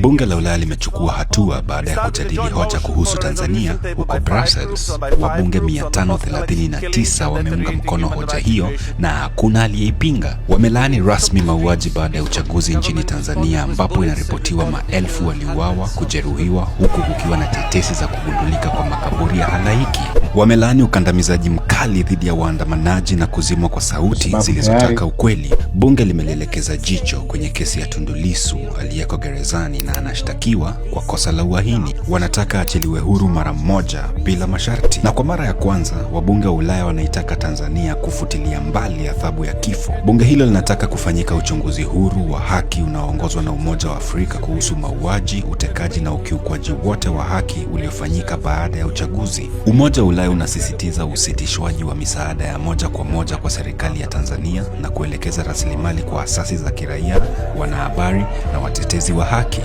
Bunge la Ulaya limechukua hatua baada ya kujadili hoja kuhusu Tanzania huko Brussels. Wabunge 539 wameunga mkono hoja hiyo na hakuna aliyeipinga. Wamelaani rasmi mauaji baada ya uchaguzi nchini Tanzania, ambapo inaripotiwa maelfu waliuawa, kujeruhiwa, huku kukiwa na tetesi za kugundulika kwa makaburi ya halaiki. Wamelaani ukandamizaji mkali vikali dhidi ya waandamanaji na kuzimwa kwa sauti zilizotaka ukweli. Bunge limelielekeza jicho kwenye kesi ya Tundu Lissu aliyeko gerezani na anashtakiwa kwa kosa la uhaini. Wanataka achiliwe huru mara moja bila masharti. Na kwa mara ya kwanza wabunge wa Ulaya wanaitaka Tanzania kufutilia mbali adhabu ya kifo. Bunge hilo linataka kufanyika uchunguzi huru wa haki unaoongozwa na Umoja wa Afrika kuhusu mauaji, utekaji na ukiukwaji wote wa haki uliofanyika baada ya uchaguzi. Umoja wa Ulaya unasisitiza usitishwaji utoaji wa misaada ya moja kwa moja kwa serikali ya Tanzania na kuelekeza rasilimali kwa asasi za kiraia, wanahabari na watetezi wa haki.